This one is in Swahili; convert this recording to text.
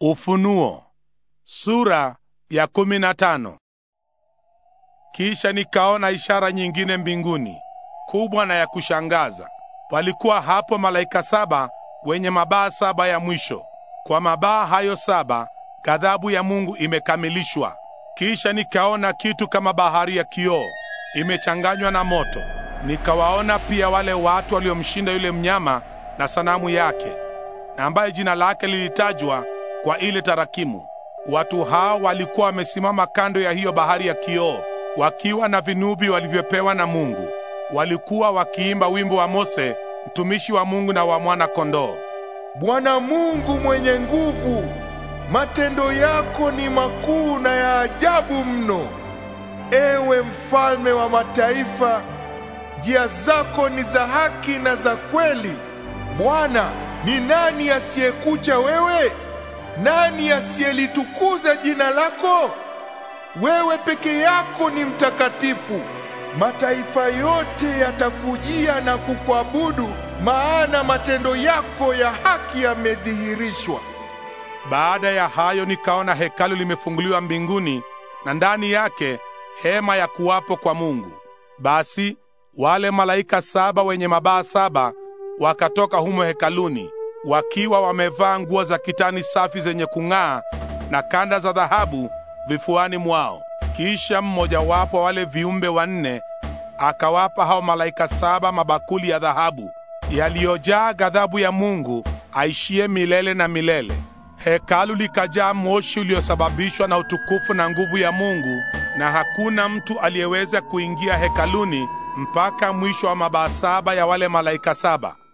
Ufunuo sura ya kumi na tano. Kisha nikaona ishara nyingine mbinguni kubwa na ya kushangaza. Walikuwa hapo malaika saba wenye mabaa saba ya mwisho. Kwa mabaa hayo saba ghadhabu ya Mungu imekamilishwa. Kisha nikaona kitu kama bahari ya kioo imechanganywa na moto. Nikawaona pia wale watu waliomshinda yule mnyama na sanamu yake, na ambaye jina lake lilitajwa kwa ile tarakimu. Watu hao walikuwa wamesimama kando ya hiyo bahari ya kioo, wakiwa na vinubi walivyopewa na Mungu. Walikuwa wakiimba wimbo wa Mose mtumishi wa Mungu na wa mwana kondoo. Bwana Mungu mwenye nguvu, matendo yako ni makuu na ya ajabu mno. Ewe mfalme wa mataifa, njia zako ni za haki na za kweli. Bwana, ni nani asiyekucha wewe? Nani asiyelitukuza jina lako? Wewe peke yako ni mtakatifu. Mataifa yote yatakujia na kukuabudu, maana matendo yako ya haki yamedhihirishwa. Baada ya hayo, nikaona hekalu limefunguliwa mbinguni na ndani yake hema ya kuwapo kwa Mungu. Basi wale malaika saba wenye mabaa saba wakatoka humo hekaluni wakiwa wamevaa nguo za kitani safi zenye kung'aa na kanda za dhahabu vifuani mwao. Kisha mmojawapo wale viumbe wanne akawapa hao malaika saba mabakuli ya dhahabu yaliyojaa ghadhabu ya Mungu aishie milele na milele. Hekalu likajaa moshi uliosababishwa na utukufu na nguvu ya Mungu, na hakuna mtu aliyeweza kuingia hekaluni mpaka mwisho wa mabaa saba ya wale malaika saba.